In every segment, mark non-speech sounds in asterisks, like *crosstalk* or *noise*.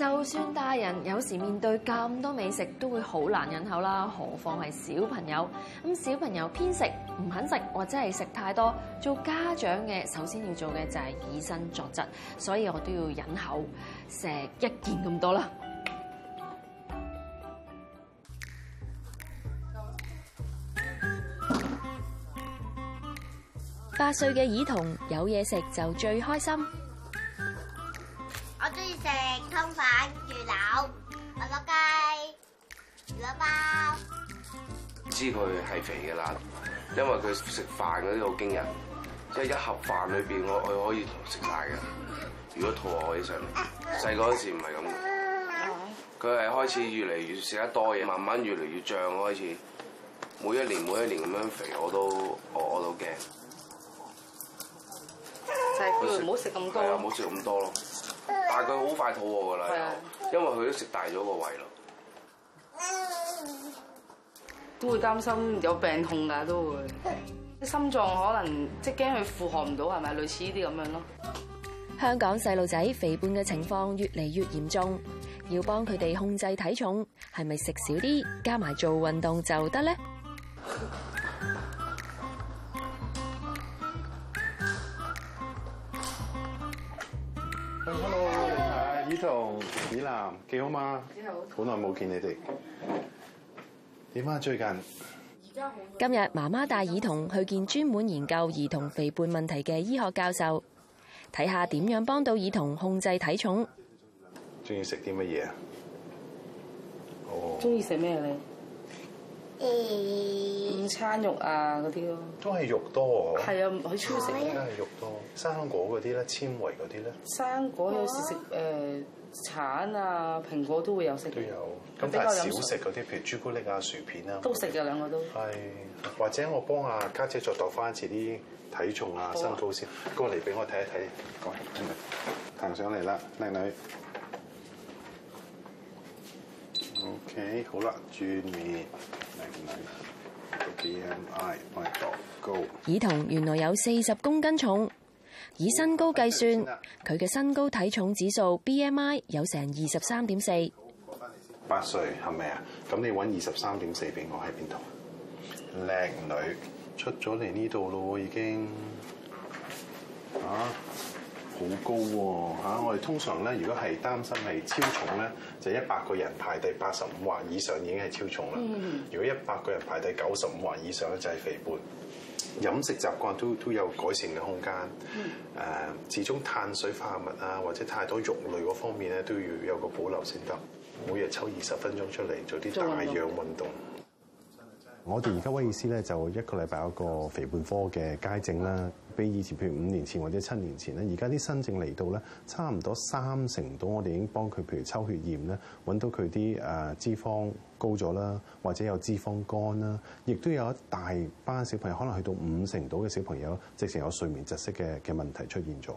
就算大人有時面對咁多美食都會好難忍口啦，何況係小朋友。咁小朋友偏食唔肯食，或者係食太多，做家長嘅首先要做嘅就係以身作則。所以我都要忍口，食一件咁多啦。八歲嘅兒童有嘢食就最開心。知佢係肥嘅啦，因為佢食飯嗰啲好驚人，即係一盒飯裏邊我我可以食晒嘅。如果肚餓，我會食。細個嗰時唔係咁嘅，佢係開始越嚟越食得多嘢，慢慢越嚟越脹。開始每一年每一年咁樣肥，我都我我都驚。就係佢唔好食咁多，係啊，唔好食咁多咯。但係佢好快肚餓噶啦，因為佢都食大咗個胃咯。都會擔心有病痛㗎，都會心臟可能即驚佢負荷唔到，係咪類似呢啲咁樣咯？香港細路仔肥胖嘅情況越嚟越嚴重，要幫佢哋控制體重，係咪食少啲加埋做運動就得咧？Hello，啊，依彤、依南幾好嘛？幾好！好耐冇見你哋。點啊！最近今日媽媽帶兒童去見專門研究兒童肥胖問題嘅醫學教授，睇下點樣幫到兒童控制體重。中意食啲乜嘢啊？哦，中意食咩啊？午餐肉啊嗰啲咯，都係肉多。係啊，佢超食都係肉多。生果嗰啲咧，纖維嗰啲咧。生果有時食誒。啊呃橙啊，蘋果都會有食，都有，但係少食嗰啲，譬如朱古力啊、薯片啦、啊，都食嘅兩個都。係或者我幫阿家姐，姐再度翻一次啲體重啊，啊、身高先，過嚟俾我睇一睇。嚟、啊，行上嚟啦，靚女。OK，好啦，轉面，靚女，個 BMI 快度高。兒童原來有四十公斤重。以身高計算，佢嘅身高體重指數 BMI 有成二十三點四。八歲係咪啊？咁你搵二十三點四俾我喺邊度？靚女出咗嚟呢度咯，已經嚇好、啊、高喎、啊啊、我哋通常咧，如果係擔心係超重咧，就一百個人排第八十五或以上已經係超重啦、嗯。如果一百個人排第九十五或以上咧，就係肥胖。飲食習慣都都有改善嘅空間，誒、嗯、始終碳水化合物啊或者太多肉類嗰方面咧都要有個保留先得。每日抽二十分鐘出嚟做啲帶氧運動。我哋而家威爾斯咧就一個禮拜有一個肥胖科嘅街症啦。嗯。比以前，譬如五年前或者七年前咧，而家啲新症嚟到咧，差唔多三成度，我哋已經幫佢譬如抽血驗咧，搵到佢啲誒脂肪高咗啦，或者有脂肪肝啦，亦都有一大班小朋友，可能去到五成度嘅小朋友，直情有睡眠窒息嘅嘅問題出現咗。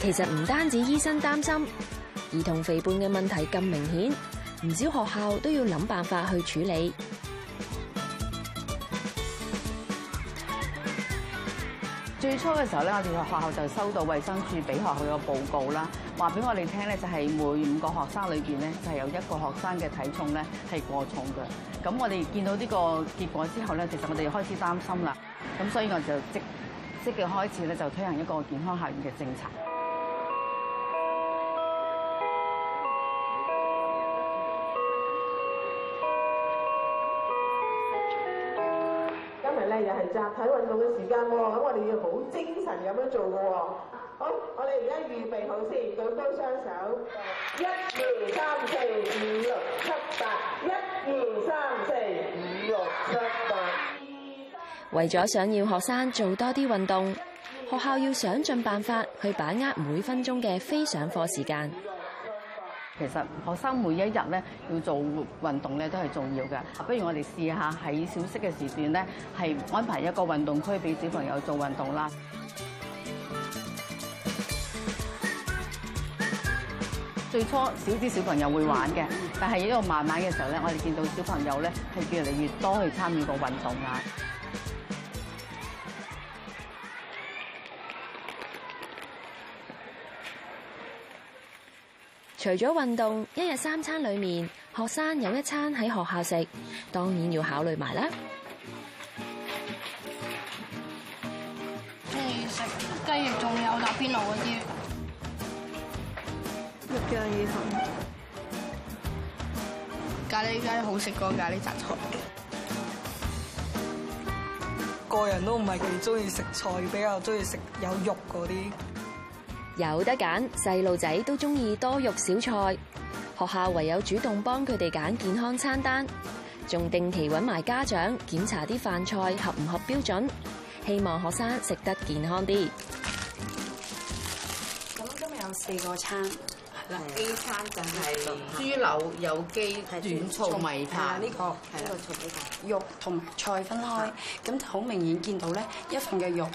其實唔單止醫生擔心，兒童肥胖嘅問題咁明顯。唔少學校都要諗辦法去處理。最初嘅時候咧，我哋學校就收到衛生署俾學校嘅報告啦，話俾我哋聽咧，就係每五個學生裏邊咧，就係有一個學生嘅體重咧係過重嘅。咁我哋見到呢個結果之後咧，其實我哋就開始擔心啦。咁所以我就即即刻開始咧，就推行一個健康校園嘅政策。集體運動嘅時間喎，咁我哋要好精神咁樣做嘅喎。好，我哋而家預備好先，舉高雙手。一二三四五六七八，一二三四五六七八。為咗想要學生做多啲運動，學校要想盡辦法去把握每分鐘嘅非上課時間。其實學生每一日咧要做運動咧都係重要嘅，不如我哋試下喺小息嘅時段咧係安排一個運動區俾小朋友做運動啦。最初少啲小朋友會玩嘅，但係一路慢慢嘅時候咧，我哋見到小朋友咧係越嚟越多去參與個運動啊。除咗運動，一日三餐裏面，學生有一餐喺學校食，當然要考慮埋啦。中意食雞翼，仲有辣邊爐嗰啲肉醬意粉。咖喱雞好食過咖喱雜菜。 *music* 個人都唔係幾中意食菜，比較中意食有肉嗰啲。有得揀，細路仔都中意多肉少菜。學校唯有主動幫佢哋揀健康餐單，仲定期搵埋家長檢查啲飯菜合唔合標準，希望學生食得健康啲。咁今日有四個餐，嗱 A 餐就係豬柳有機短粗米埋呢、這個呢、這個，個肉同菜分開，咁就好明顯見到咧一份嘅肉。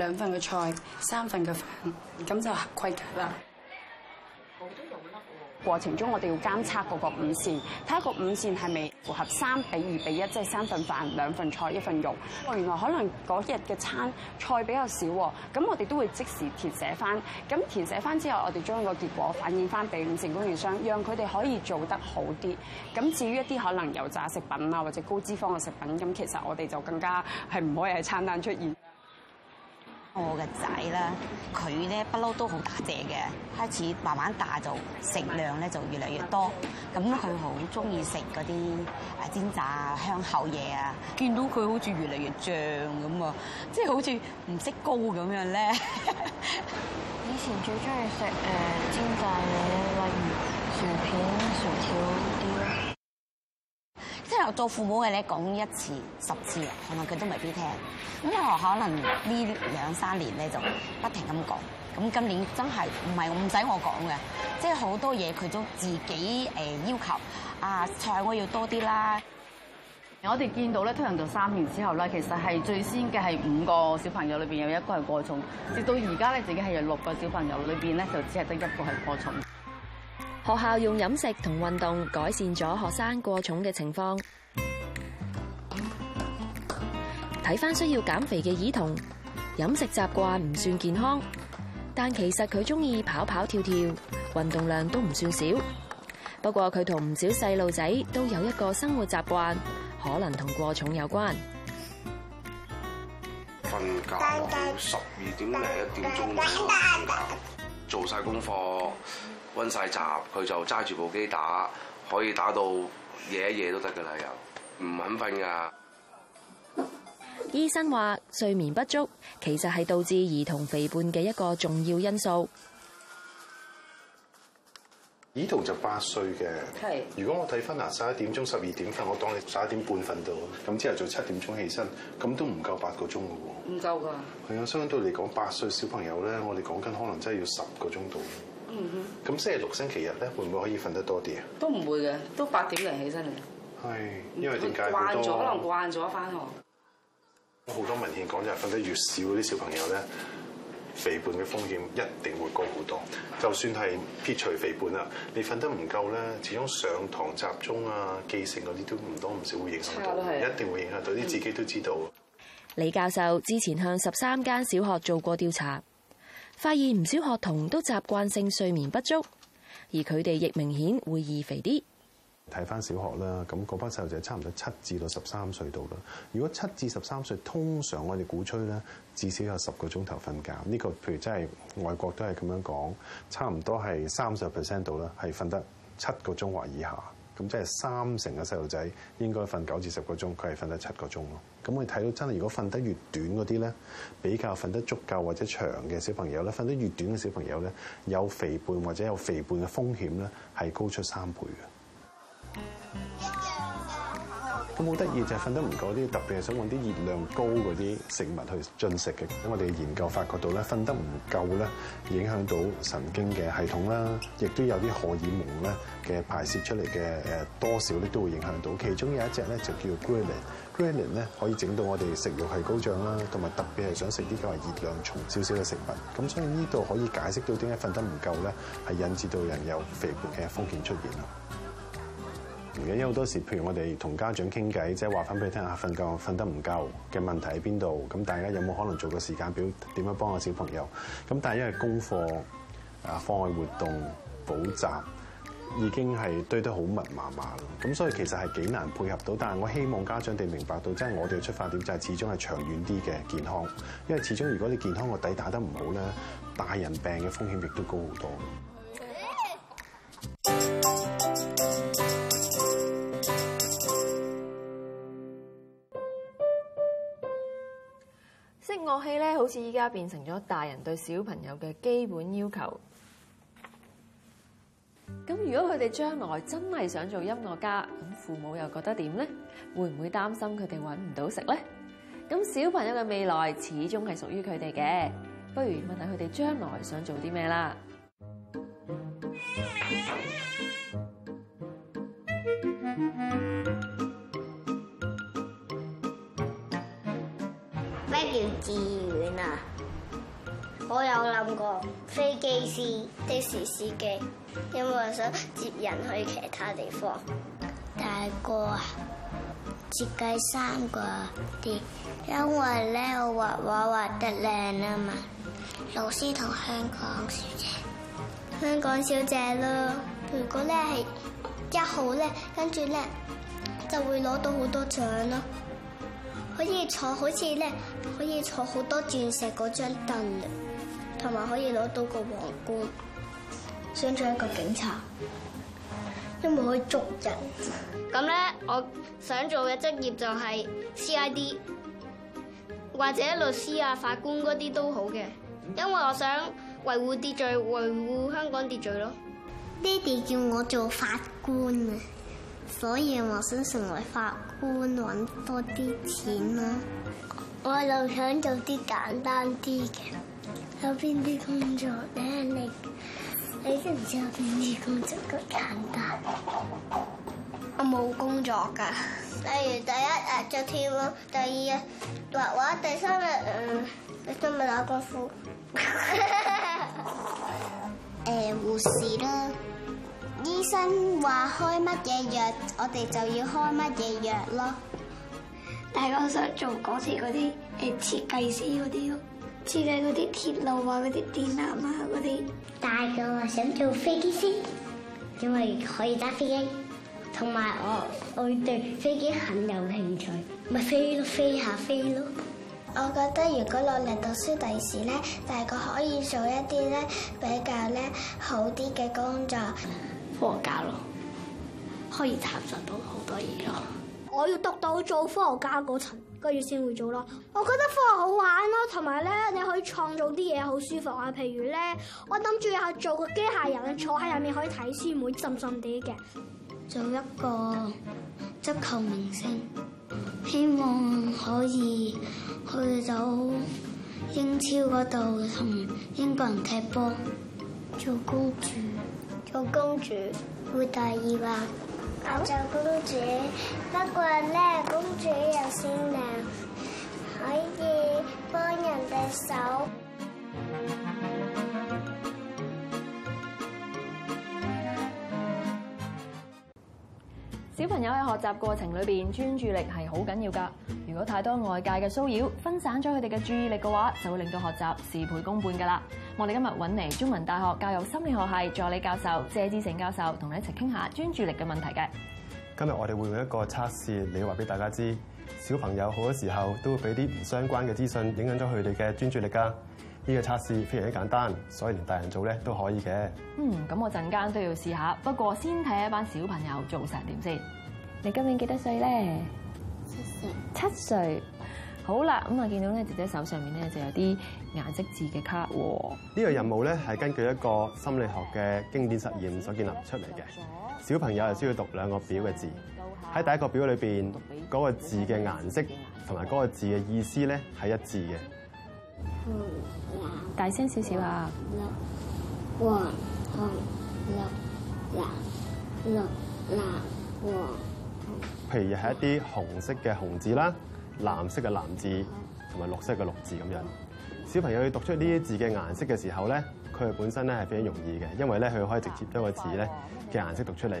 兩份嘅菜，三份嘅飯，咁就規格啦。過程中我哋要監測嗰個五線，睇下個五線係咪符合三比二比一，即係三份飯、兩份菜、一份肉。哦，原來可能嗰日嘅餐菜比較少喎，咁我哋都會即時填寫翻。咁填寫翻之後，我哋將個結果反映翻俾五線供應商，讓佢哋可以做得好啲。咁至於一啲可能油炸食品啊，或者高脂肪嘅食品，咁其實我哋就更加係唔可以喺餐單出現。我嘅仔啦，佢咧不嬲都好大隻嘅，開始慢慢大就食量咧就越嚟越多，咁佢好中意食啲啊煎炸啊香口嘢啊！見到佢好似越嚟越脹咁啊，即係好似唔識高咁樣咧。以前最中意食誒煎炸嘢，例如薯片、薯條。做父母嘅咧講一次十次，可能佢都未必聽。咁可能呢兩三年咧就不停咁講。咁今年真係唔係唔使我講嘅，即係好多嘢佢都自己誒要求。啊菜我要多啲啦。我哋見到咧推行到三年之後咧，其實係最先嘅係五個小朋友裏邊有一個係過重，直到而家咧已經係六個小朋友裏邊咧就只係得一個係過重。學校用飲食同運動改善咗學生過重嘅情況。睇翻需要減肥嘅兒童，飲食習慣唔算健康，但其實佢中意跑跑跳跳，運動量都唔算少。不過佢同唔少細路仔都有一個生活習慣，可能同過重有關。瞓覺到十二點零一點鐘先瞓覺，做晒功課，溫晒習，佢就揸住部機打，可以打到夜一夜都得噶啦，又唔肯瞓噶。醫生話：睡眠不足其實係導致兒童肥胖嘅一個重要因素。呢度就八歲嘅，係。如果我睇翻嗱十一點鐘十二點瞓，我當你十一點半瞓到，咁之後早七點鐘起身，咁都唔夠八個鐘嘅喎，唔夠㗎。係啊，相對嚟講，八歲小朋友咧，我哋講緊可能真係要十個鐘到。嗯哼。咁星期六、星期日咧，會唔會可以瞓得多啲啊？都唔會嘅，都八點零起身嚟。係，因為點解好慣咗可能慣咗翻學。好多文獻講就係瞓得越少嗰啲小朋友咧，肥胖嘅風險一定會高好多。就算係撇除肥胖啦，你瞓得唔夠咧，始終上堂集中啊、記性嗰啲都唔多唔少會影響到，一定會影響到。啲、嗯、自己都知道。李教授之前向十三間小學做過調查，發現唔少學童都習慣性睡眠不足，而佢哋亦明顯會易肥啲。睇翻小學啦，咁嗰班細路仔差唔多七至到十三歲度啦。如果七至十三歲，通常我哋鼓吹咧，至少有十個鐘頭瞓覺。呢個譬如真係外國都係咁樣講，差唔多係三十 percent 度啦，係瞓得七個鐘或以下。咁即係三成嘅細路仔應該瞓九至十個鐘，佢係瞓得七個鐘咯。咁我哋睇到真係，如果瞓得越短嗰啲咧，比較瞓得足夠或者長嘅小朋友咧，瞓得越短嘅小朋友咧，有肥胖或者有肥胖嘅風險咧，係高出三倍嘅。咁好得意就係瞓得唔夠啲，特別係想揾啲熱量高嗰啲食物去進食嘅。咁我哋研究發覺到咧，瞓得唔夠咧，影響到神經嘅系統啦，亦都有啲荷爾蒙咧嘅排泄出嚟嘅，誒多少咧都會影響到。其中有一隻咧就叫 Grelin，Grelin e e 咧可以整到我哋食欲係高漲啦，同埋特別係想食啲較為熱量重少少嘅食物。咁所以呢度可以解釋到點解瞓得唔夠咧係引致到人有肥胖嘅風險出現咯。嘅，因為好多時，譬如我哋同家長傾偈，即係話返俾你聽下，瞓覺瞓得唔夠嘅問題喺邊度？咁大家有冇可能做個時間表？點樣幫個小朋友？咁但係因為功課、啊課外活動、補習已經係堆得好密麻麻，咁所以其實係幾難配合到。但係我希望家長哋明白到，即係我哋嘅出發點就係始終係長遠啲嘅健康。因為始終如果你健康個底打得唔好咧，大人病嘅風險亦都高好多。嗯樂器咧，好似依家變成咗大人對小朋友嘅基本要求。咁如果佢哋將來真係想做音樂家，咁父母又覺得點咧？會唔會擔心佢哋搵唔到食咧？咁小朋友嘅未來始終係屬於佢哋嘅，不如問下佢哋將來想做啲咩啦。飛機師、的士司機，因為我想接人去其他地方。大哥啊，設計三個啲，因為咧我畫畫畫得靚啊嘛。老師同香港小姐，香港小姐咯。如果咧係一號咧，跟住咧就會攞到好多獎咯。可以坐，好似咧可以坐好多鑽石嗰張凳。同埋可以攞到個皇冠，想做一個警察，因為可以捉人。咁咧，我想做嘅職業就係 CID，或者律師啊、法官嗰啲都好嘅，因為我想維護秩序，維護香港秩序咯。爹哋叫我做法官啊，所以我想成為法官，搵多啲錢咯。我就想做啲簡單啲嘅，有邊啲工作咧？你你知唔知有邊啲工作咁簡單？我冇工作㗎，例如第一日做跳舞，第二日畫畫，第三日誒做埋哪功夫。誒護士啦，醫生話開乜嘢藥，我哋就要開乜嘢藥咯。係我想做嗰時嗰啲誒設計師嗰啲咯，設計嗰啲鐵路啊，嗰啲電纜啊，嗰啲。大個想做飛機師，因為可以揸飛機，同埋我我對飛機很有興趣，咪飛咯，飛下飛咯。我覺得如果努力讀書第時咧，大個可以做一啲咧比較咧好啲嘅工作，科學家咯，可以探索到好多嘢咯。我要讀到做科學家嗰層，跟住先會做咯。我覺得科學好玩咯，同埋咧，你可以創造啲嘢，好舒服啊。譬如咧，我諗住以後做個機械人，坐喺入面可以睇書，會浸浸哋嘅。做一個足球明星，希望可以去到英超嗰度同英國人踢波。做公主，做公主會大意㗎。我做公主，不過呢，公主又善良，可以幫人哋手。小朋友喺學習過程裏邊，專注力係好緊要噶。如果太多外界嘅騷擾，分散咗佢哋嘅注意力嘅話，就會令到學習事倍功半噶啦。我哋今日揾嚟中文大學教育心理學系助理教授謝志成教授，同你一齊傾下專注力嘅問題嘅。今日我哋會用一個測試嚟話俾大家知，小朋友好多時候都會俾啲唔相關嘅資訊影響咗佢哋嘅專注力噶。呢個測試非常之簡單，所以連大人做咧都可以嘅。嗯，咁我陣間都要試下，不過先睇一班小朋友做成點先。你今年幾多歲咧？七歲。七歲。好啦，咁啊，見到咧，姐姐手上面咧就有啲顏色字嘅卡喎、嗯呢個任務咧係根據一個心理學嘅經典實驗所建立出嚟嘅。小朋友係需要讀兩個表嘅字。喺第一個表裏邊，嗰、嗰個字嘅顏色同埋嗰個字嘅意思咧係一致嘅。大聲少少啊！譬如係一啲紅色嘅紅字啦，藍色嘅藍字，同埋綠色嘅綠字咁樣。小朋友要讀出呢啲字嘅顏色嘅時候咧，佢本身咧係非常容易嘅，因為咧佢可以直接將個字咧嘅顏色讀出嚟。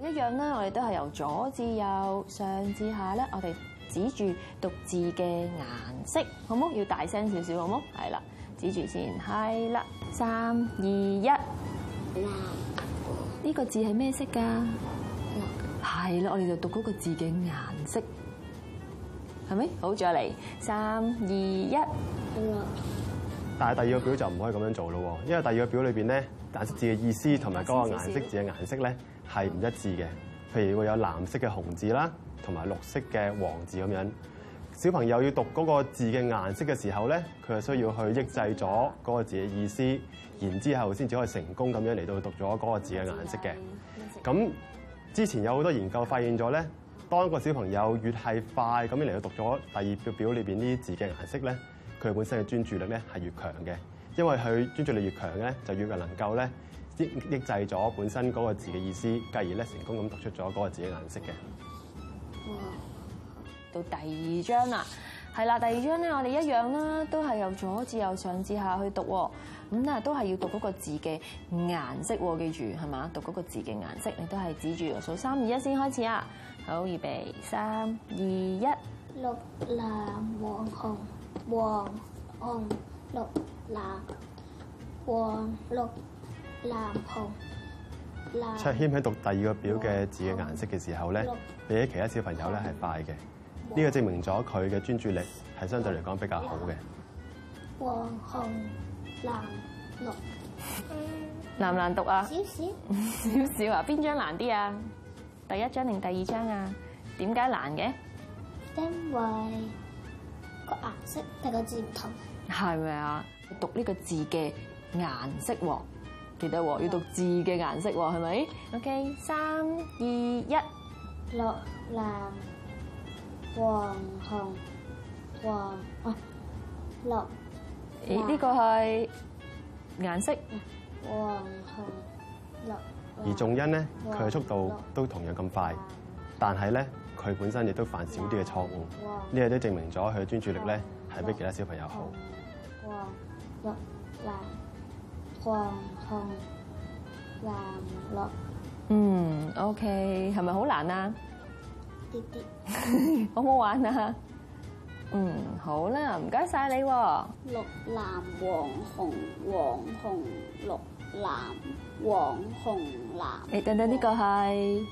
一樣咧，我哋都係由左至右、上至下咧，我哋指住讀字嘅顏色，好冇好？要大聲少少，好冇？係啦，指住先，係啦，三二一，呢、嗯呢個字係咩色㗎？嗯係咯，我哋就讀嗰個字嘅顏色，係咪？好，再嚟，三二一，好啦。但係第二個表就唔可以咁樣做咯，因為第二個表裏邊咧，顏色字嘅意思同埋嗰個顏色字嘅顏色咧，係唔一致嘅。譬如會有藍色嘅紅字啦，同埋綠色嘅黃字咁樣。小朋友要讀嗰個字嘅顏色嘅時候咧，佢係需要去抑制咗嗰個字嘅意思，然之後先至可以成功咁樣嚟到讀咗嗰個字嘅顏色嘅。咁之前有好多研究發現咗咧，當一個小朋友越係快咁樣嚟到讀咗第二個表裏邊呢啲字嘅顏色咧，佢本身嘅專注力咧係越強嘅，因為佢專注力越強咧，就越能夠咧抑抑制咗本身嗰個字嘅意思，繼而咧成功咁讀出咗嗰個字嘅顏色嘅。到第二章啦。係啦，第二張咧，我哋一樣啦，都係由左至右、上至下去讀，咁啊都係要讀嗰個字嘅顏色，記住係嘛？讀嗰個字嘅顏色，你都係指住數三二一先開始啊！好，預備，三二一，綠藍黃紅黃紅綠藍黃綠藍紅。卓謙喺讀第二個表嘅字嘅顏色嘅時候咧，比起其他小朋友咧係快嘅。呢、這個證明咗佢嘅專注力係相對嚟講比較好嘅。黃紅藍綠，嗯、難唔難讀啊？少少少少啊？邊張難啲啊？第一張定第二張啊？點解難嘅？因為個顏色同個字唔同。係咪啊？讀呢個字嘅顏色喎，記得喎、啊，要讀字嘅顏色喎、啊，係咪？OK，三二一，落藍。黃紅黃哦，綠。咦？呢個係顏色。黃紅綠。而仲恩咧，佢嘅速度都同樣咁快，但係咧，佢本身亦都犯少啲嘅錯誤。呢個都證明咗佢嘅專注力咧係比其他小朋友好。黃綠藍黃紅藍綠。嗯，OK，係咪好難啊？啲啲，好唔好玩？啊，嗯、好啊、哦、啦 sopra，玩啊？嗯，好，謝謝、uhm. 嗯好啦，唔該晒你。綠藍黃紅黃紅綠藍黃紅藍。你等等呢個係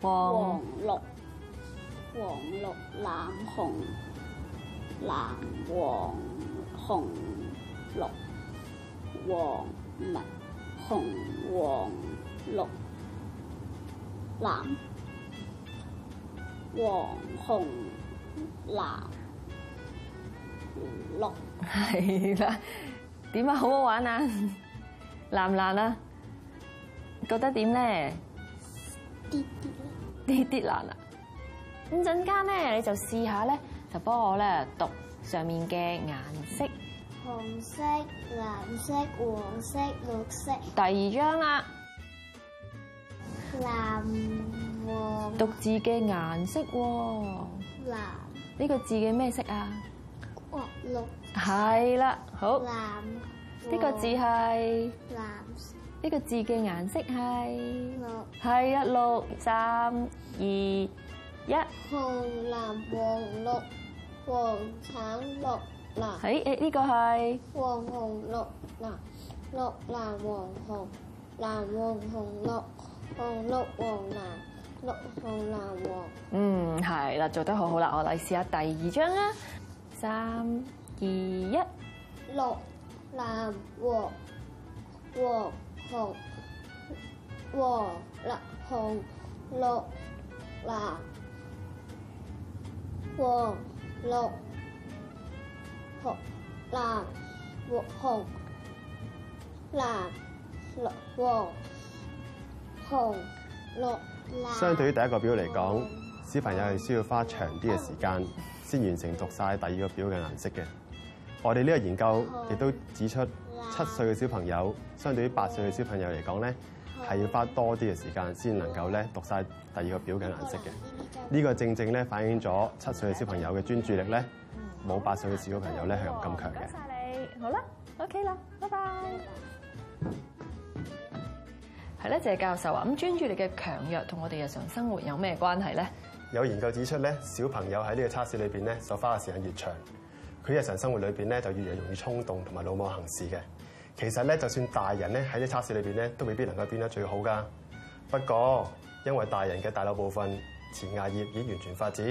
黃綠黃綠藍紅藍黃紅綠黃墨紅黃綠。藍、黃、紅、藍、綠，係啦。點啊，好好玩啊，難唔難啊？覺得點咧？啲啲難啊。咁陣間咧，你就試下咧，就幫我咧讀上面嘅顏色。紅色、藍色、黃色、綠色。第二張啦。藍，獨字嘅顏色喎。藍，呢個字嘅咩色啊？綠，係啦，好。藍，呢個字係。藍色，呢個字嘅顏色係。綠，係啊，六三二一。紅藍黃綠黃橙綠藍。誒，誒，呢個係。黃紅綠藍，綠藍黃紅，藍黃紅綠。紅綠黃藍，綠紅藍黃。嗯，係、嗯、啦，做得好好啦，我嚟試下第二張啦，三二一，綠藍黃黃紅黃綠紅綠藍黃綠紅藍黃紅藍綠黃。紅、綠、藍。相對於第一個表嚟講，小朋友係需要花長啲嘅時間先完成讀晒第二個表嘅顏色嘅。我哋呢個研究亦都指出，七歲嘅小朋友相對於八歲嘅小朋友嚟講咧，係要花多啲嘅時間先能夠咧讀晒第二個表嘅顏色嘅。呢個正正咧反映咗七歲嘅小朋友嘅專注力咧，冇八歲嘅小朋友咧係咁強嘅。好啦，OK 啦，拜拜。咧謝教授話，咁專注力嘅強弱同我哋日常生活有咩關係咧？有研究指出咧，小朋友喺呢個測試裏面咧所花嘅時間越長，佢日常生活裏面咧就越，越容易衝動同埋魯莽行事嘅。其實咧，就算大人咧喺啲測試裏面咧都未必能夠變得最好噶。不過，因為大人嘅大腦部分前額葉已完全發展，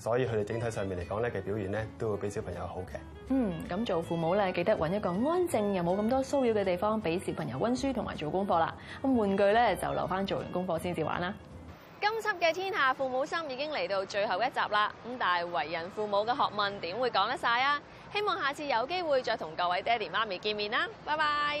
所以佢哋整體上面嚟講咧嘅表現咧都會比小朋友好嘅。嗯，咁做父母咧，記得揾一個安靜又冇咁多騷擾嘅地方，俾小朋友溫書同埋做功課啦。咁玩具咧就留翻做完功課先至玩啦。今輯嘅天下父母心已經嚟到最後一集啦，咁但係為人父母嘅學問點會講得晒啊？希望下次有機會再同各位爹哋媽咪見面啦，拜拜。